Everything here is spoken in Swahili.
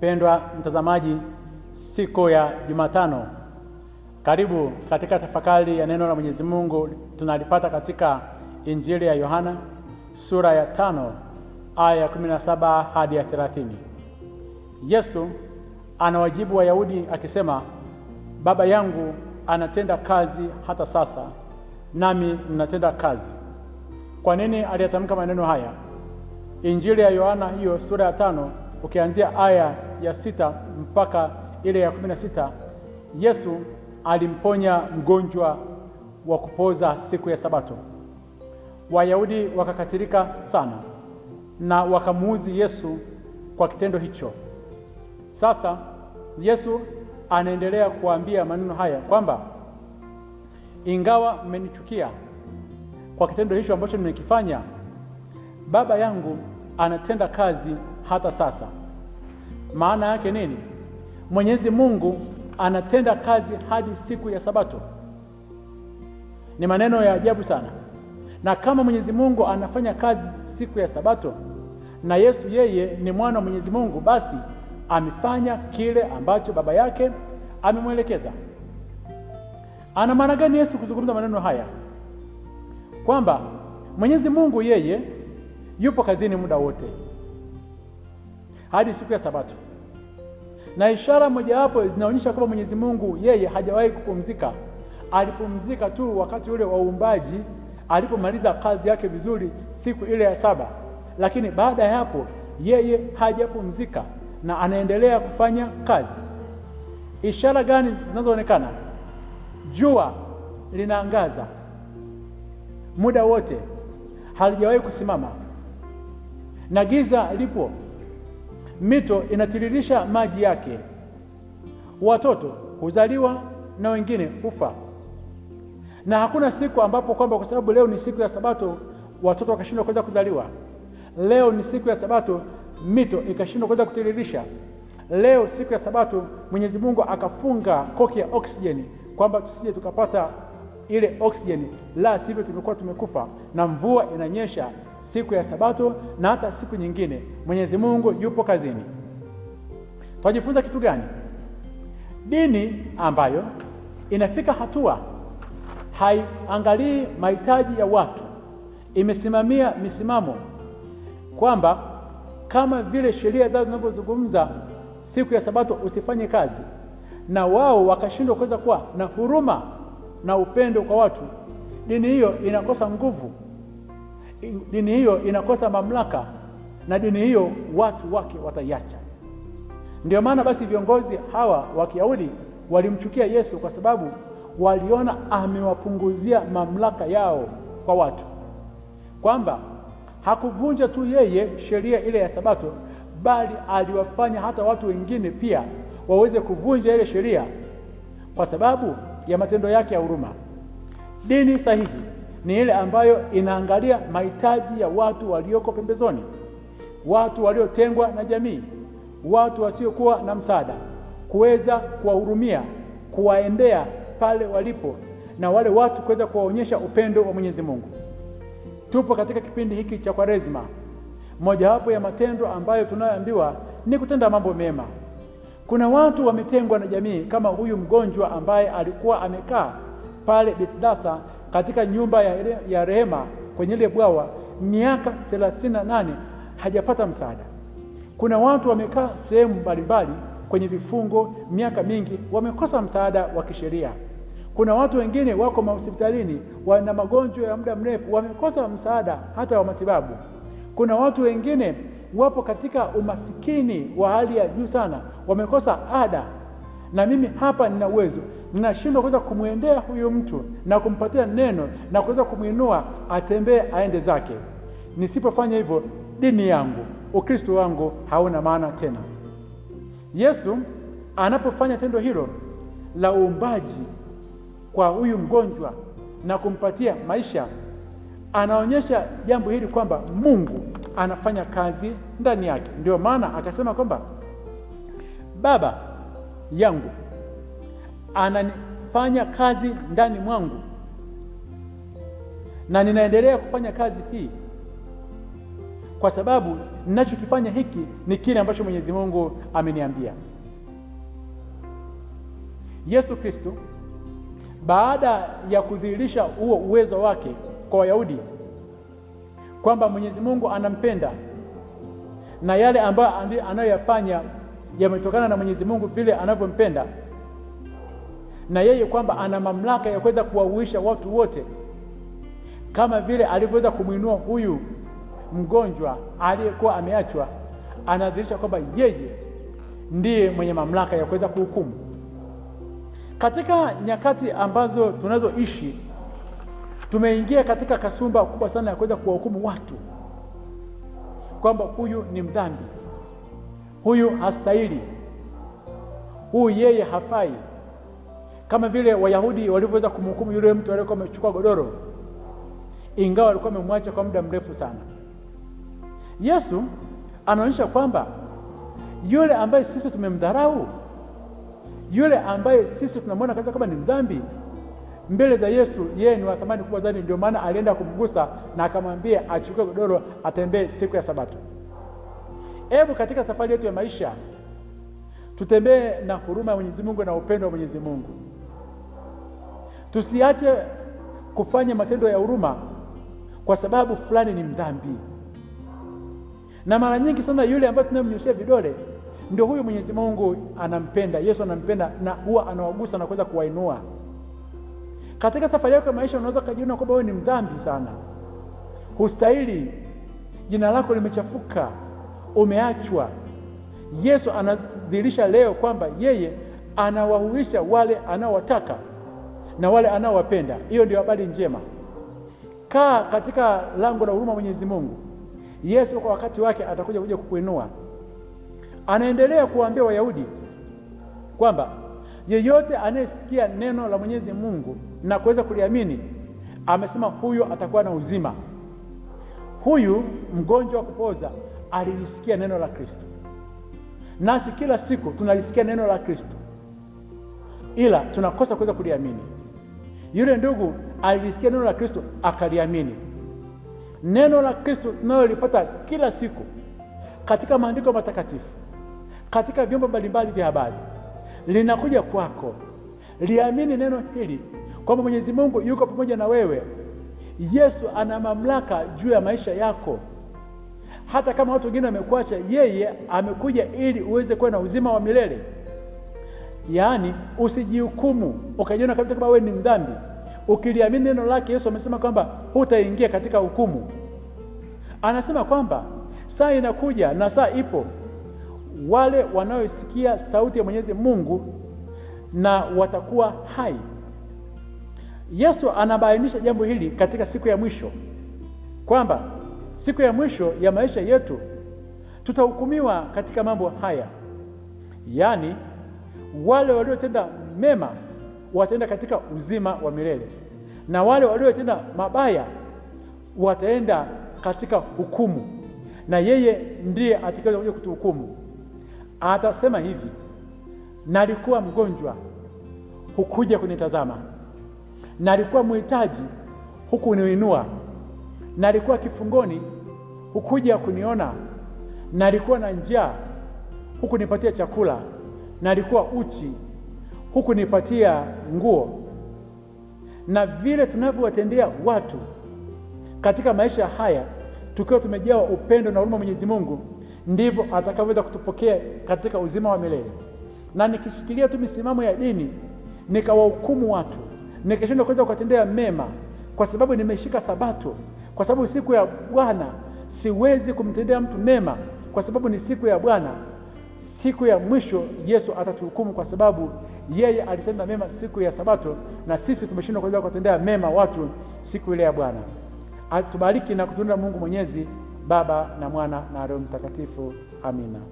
Pendwa mtazamaji, siku ya Jumatano, karibu katika tafakari ya neno la Mwenyezi Mungu. Tunalipata katika Injili ya Yohana sura ya tano aya ya 17 hadi ya 30. Yesu anawajibu Wayahudi akisema, Baba yangu anatenda kazi hata sasa, nami ninatenda kazi. Kwa nini aliyatamka maneno haya? Injili ya Yohana hiyo sura ya tano ukianzia aya ya sita mpaka ile ya kumi na sita Yesu alimponya mgonjwa wa kupoza siku ya Sabato. Wayahudi wakakasirika sana na wakamuuzi Yesu kwa kitendo hicho. Sasa Yesu anaendelea kuambia maneno haya kwamba ingawa mmenichukia kwa kitendo hicho ambacho nimekifanya, Baba yangu anatenda kazi hata sasa. Maana yake nini? Mwenyezi Mungu anatenda kazi hadi siku ya Sabato. Ni maneno ya ajabu sana. Na kama Mwenyezi Mungu anafanya kazi siku ya Sabato na Yesu yeye ni mwana wa Mwenyezi Mungu, basi amefanya kile ambacho baba yake amemwelekeza. Ana maana gani Yesu kuzungumza maneno haya? Kwamba Mwenyezi Mungu yeye yupo kazini muda wote hadi siku ya Sabato. Na ishara mojawapo zinaonyesha kwamba Mwenyezi Mungu yeye hajawahi kupumzika. Alipumzika tu wakati ule wa uumbaji alipomaliza kazi yake vizuri siku ile ya saba, lakini baada ya hapo yeye hajapumzika na anaendelea kufanya kazi. Ishara gani zinazoonekana? Jua linaangaza muda wote, halijawahi kusimama, na giza lipo mito inatiririsha maji yake, watoto huzaliwa na wengine hufa. Na hakuna siku ambapo kwamba kwa sababu leo ni siku ya Sabato watoto wakashindwa kuweza kuzaliwa, leo ni siku ya Sabato mito ikashindwa kuweza kutiririsha, leo siku ya Sabato Mwenyezi Mungu akafunga koki ya oksijeni kwamba tusije tukapata ile oksijeni, la sivyo tumekuwa tumekufa. Na mvua inanyesha siku ya Sabato na hata siku nyingine. Mwenyezi Mungu yupo kazini. Tunajifunza kitu gani? Dini ambayo inafika hatua haiangalii mahitaji ya watu, imesimamia misimamo kwamba kama vile sheria zao zinavyozungumza siku ya Sabato usifanye kazi, na wao wakashindwa kuweza kuwa na huruma na upendo kwa watu, dini hiyo inakosa nguvu, dini hiyo inakosa mamlaka, na dini hiyo watu wake wataiacha. Ndio maana basi viongozi hawa wa Kiyahudi walimchukia Yesu kwa sababu waliona amewapunguzia mamlaka yao kwa watu, kwamba hakuvunja tu yeye sheria ile ya Sabato, bali aliwafanya hata watu wengine pia waweze kuvunja ile sheria kwa sababu ya matendo yake ya huruma. Dini sahihi ni ile ambayo inaangalia mahitaji ya watu walioko pembezoni, watu waliotengwa na jamii, watu wasiokuwa na msaada, kuweza kuwahurumia, kuwaendea pale walipo na wale watu kuweza kuwaonyesha upendo wa Mwenyezi Mungu. Tupo katika kipindi hiki cha Kwaresma. Mojawapo ya matendo ambayo tunayoambiwa ni kutenda mambo mema. Kuna watu wametengwa na jamii kama huyu mgonjwa ambaye alikuwa amekaa pale bitdasa katika nyumba ya rehema kwenye ile bwawa miaka thelathini na nane hajapata msaada. Kuna watu wamekaa sehemu mbalimbali kwenye vifungo miaka mingi, wamekosa msaada wa kisheria. Kuna watu wengine wako mahospitalini, wana magonjwa ya muda mrefu, wamekosa msaada hata wa matibabu. Kuna watu wengine wapo katika umasikini wa hali ya juu sana, wamekosa ada, na mimi hapa nina uwezo, ninashindwa kuweza kumwendea huyu mtu na kumpatia neno na kuweza kumwinua atembee aende zake. Nisipofanya hivyo, dini yangu, Ukristo wangu hauna maana tena. Yesu anapofanya tendo hilo la uumbaji kwa huyu mgonjwa na kumpatia maisha, anaonyesha jambo hili kwamba Mungu anafanya kazi ndani yake. Ndio maana akasema kwamba Baba yangu ananifanya kazi ndani mwangu na ninaendelea kufanya kazi hii kwa sababu ninachokifanya hiki ni kile ambacho Mwenyezi Mungu ameniambia. Yesu Kristo baada ya kudhihirisha huo uwezo wake kwa Wayahudi kwamba Mwenyezi Mungu anampenda na yale ambayo anayoyafanya yametokana na Mwenyezi Mungu vile anavyompenda, na yeye kwamba ana mamlaka ya kuweza kuwahuisha watu wote, kama vile alivyoweza kumwinua huyu mgonjwa aliyekuwa ameachwa. Anadhihirisha kwamba yeye ndiye mwenye mamlaka ya kuweza kuhukumu katika nyakati ambazo tunazoishi. Tumeingia katika kasumba kubwa sana ya kuweza kuwahukumu watu kwamba huyu ni mdhambi, huyu hastahili, huyu yeye hafai, kama vile Wayahudi walivyoweza kumhukumu yule mtu aliyekuwa amechukua godoro, ingawa alikuwa amemwacha kwa muda mrefu sana. Yesu anaonyesha kwamba yule ambaye sisi tumemdharau, yule ambaye sisi tunamwona kabisa kama ni mdhambi mbele za Yesu, yeye ni wa thamani kubwa zaidi. Ndio maana alienda kumgusa na akamwambia achukue godoro atembee siku ya Sabato. Hebu katika safari yetu ya maisha tutembee na huruma ya Mwenyezi Mungu na upendo wa Mwenyezi Mungu. Tusiache kufanya matendo ya huruma kwa sababu fulani ni mdhambi, na mara nyingi sana yule ambaye tunamnyoshia vidole ndio huyu Mwenyezi Mungu anampenda, Yesu anampenda, na huwa anawagusa na kuweza kuwainua. Katika safari yako ya maisha unaweza kujiona kwamba wewe ni mdhambi sana, hustahili, jina lako limechafuka, umeachwa. Yesu anadhihirisha leo kwamba yeye anawahuisha wale anaowataka na wale anaowapenda. Hiyo ndio habari njema. Kaa katika lango la huruma Mwenyezi Mungu. Yesu kwa wakati wake atakuja kuja kukuinua. Anaendelea kuwaambia Wayahudi kwamba Yeyote anayesikia neno la Mwenyezi Mungu na kuweza kuliamini, amesema huyo atakuwa na uzima. Huyu mgonjwa wa kupoza alilisikia neno la Kristo, nasi kila siku tunalisikia neno la Kristo, ila tunakosa kuweza kuliamini. Yule ndugu alilisikia neno la Kristo akaliamini. Neno la Kristo tunalolipata kila siku katika maandiko matakatifu, katika vyombo mbalimbali vya habari linakuja kwako. Liamini neno hili kwamba Mwenyezi Mungu yuko pamoja na wewe. Yesu ana mamlaka juu ya maisha yako. Hata kama watu wengine wamekuacha, yeye amekuja ili uweze kuwa na uzima wa milele. Yaani, usijihukumu ukajiona kabisa kama wewe ni mdhambi. Ukiliamini neno lake, Yesu amesema kwamba hutaingia katika hukumu. Anasema kwamba saa inakuja na saa ipo wale wanaoisikia sauti ya Mwenyezi Mungu na watakuwa hai. Yesu anabainisha jambo hili katika siku ya mwisho kwamba siku ya mwisho ya maisha yetu tutahukumiwa katika mambo haya, yaani wale waliotenda mema wataenda katika uzima wa milele na wale waliotenda mabaya wataenda katika hukumu, na yeye ndiye atakayekuja kutuhukumu atasema hivi, nalikuwa mgonjwa hukuja kunitazama, nalikuwa mhitaji hukuniinua, nalikuwa kifungoni hukuja kuniona, nalikuwa na njaa hukunipatia chakula, nalikuwa uchi hukunipatia nguo. Na vile tunavyowatendea watu katika maisha haya tukiwa tumejawa upendo na huruma Mwenyezi Mungu ndivyo atakavyoweza kutupokea katika uzima wa milele. Na nikishikilia tu misimamo ya dini nikawahukumu watu nikashindwa kuweza kuwatendea mema, kwa sababu nimeshika Sabato, kwa sababu siku ya Bwana siwezi kumtendea mtu mema, kwa sababu ni siku ya Bwana. Siku ya mwisho Yesu atatuhukumu, kwa sababu yeye alitenda mema siku ya Sabato na sisi tumeshindwa kuweza kuwatendea mema watu siku ile ya Bwana. Atubariki na kutunda Mungu Mwenyezi. Baba na Mwana na Roho Mtakatifu. Amina.